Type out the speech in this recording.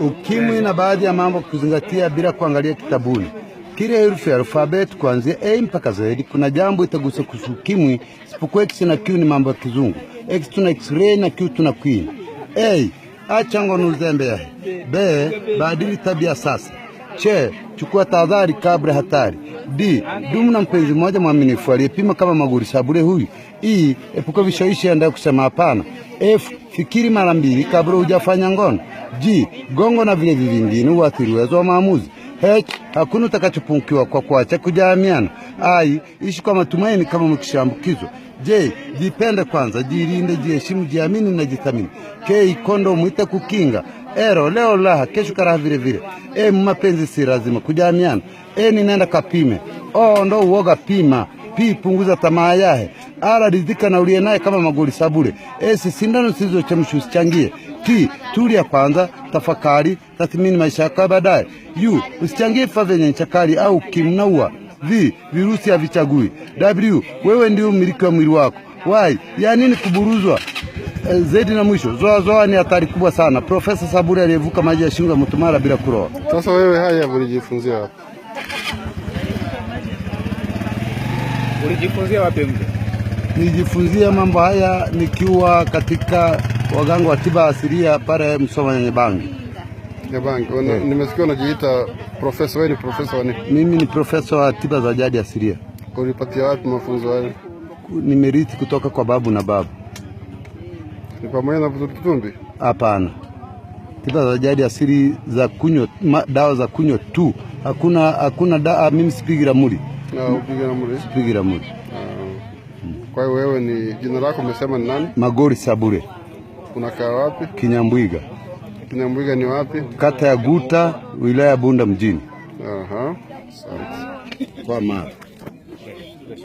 Ukimwi na baadhi ya mambo kuzingatia bila kuangalia kitabuni. Kila herufi ya alfabeti kuanzia A mpaka Z kuna jambo itagusa kuhusu ukimwi, isipokuwa X na Q ni mambo ya kizungu. X tuna X-ray na Q tuna Queen. A, acha ngono uzembeahe. B, badili tabia sasa. C, chukua tahadhari kabla hatari. D, dumu na mpenzi mmoja mwaminifu aliyepima kama maguri sabule huyu. E, epuka vishawishi endayo kusema hapana. F, Fikiri mara mbili kabla hujafanya ngono. G. Gongo na vilevi vingine huathiri uwezo wa maamuzi. H. Hakuna utakachopungukiwa kwa kuacha kujamiana. ai Ishi kwa matumaini kama mkishaambukizwa. J. Jipende kwanza, jilinde, jiheshimu, jiamini na jithamini. K. Kondomu kukinga Ero, leo laha, kesho karaha vile vile. E, mapenzi si lazima kujamiana. E, ninaenda kapime. O, ndo uoga pima. pi Punguza tamaa yahe araridhika na uliye naye kama magoli sabule esi sindano zisizochemshwa usichangie. T, tulia kwanza, tafakari, tathmini maisha yako baadaye. yu usichangie vifaa vyenye ncha au kimnaua. vi virusi havichagui. W, wewe ndio umiliki wa mwili wako. wai ya nini kuburuzwa? E, zaidi na mwisho, zoa zoa ni hatari kubwa sana. Profesa Saburi aliyevuka maji ya shingo ya Mutumara bila kuroa. Sasa wewe, haya ulijifunzia wapi? Ulijifunzia wapi mzee? Nijifunzia mambo haya nikiwa katika waganga wa tiba asilia pale Msoma Nyebangi. Nyebangi, eh. Nimesikia unajiita profesa. Wewe ni profesa wa nini? Mimi ni profesa wa tiba za jadi asilia. Ulipatia wapi mafunzo hayo? Nimerithi kutoka kwa babu na babu. Ni pamoja na Kitumbi? Hapana, tiba za jadi asili za kunywa, dawa za kunywa tu, hakuna hakuna da, Mimi sipigi ramuli. No, sipigi ramuli. Ah. Kwa hiyo wewe ni jina lako umesema ni nani? Magori Sabure. Unakaa wapi? Kinyambwiga. Kinyambwiga ni wapi? Kata ya Guta, wilaya ya Bunda mjini. Aha. Sawa. Kwa mara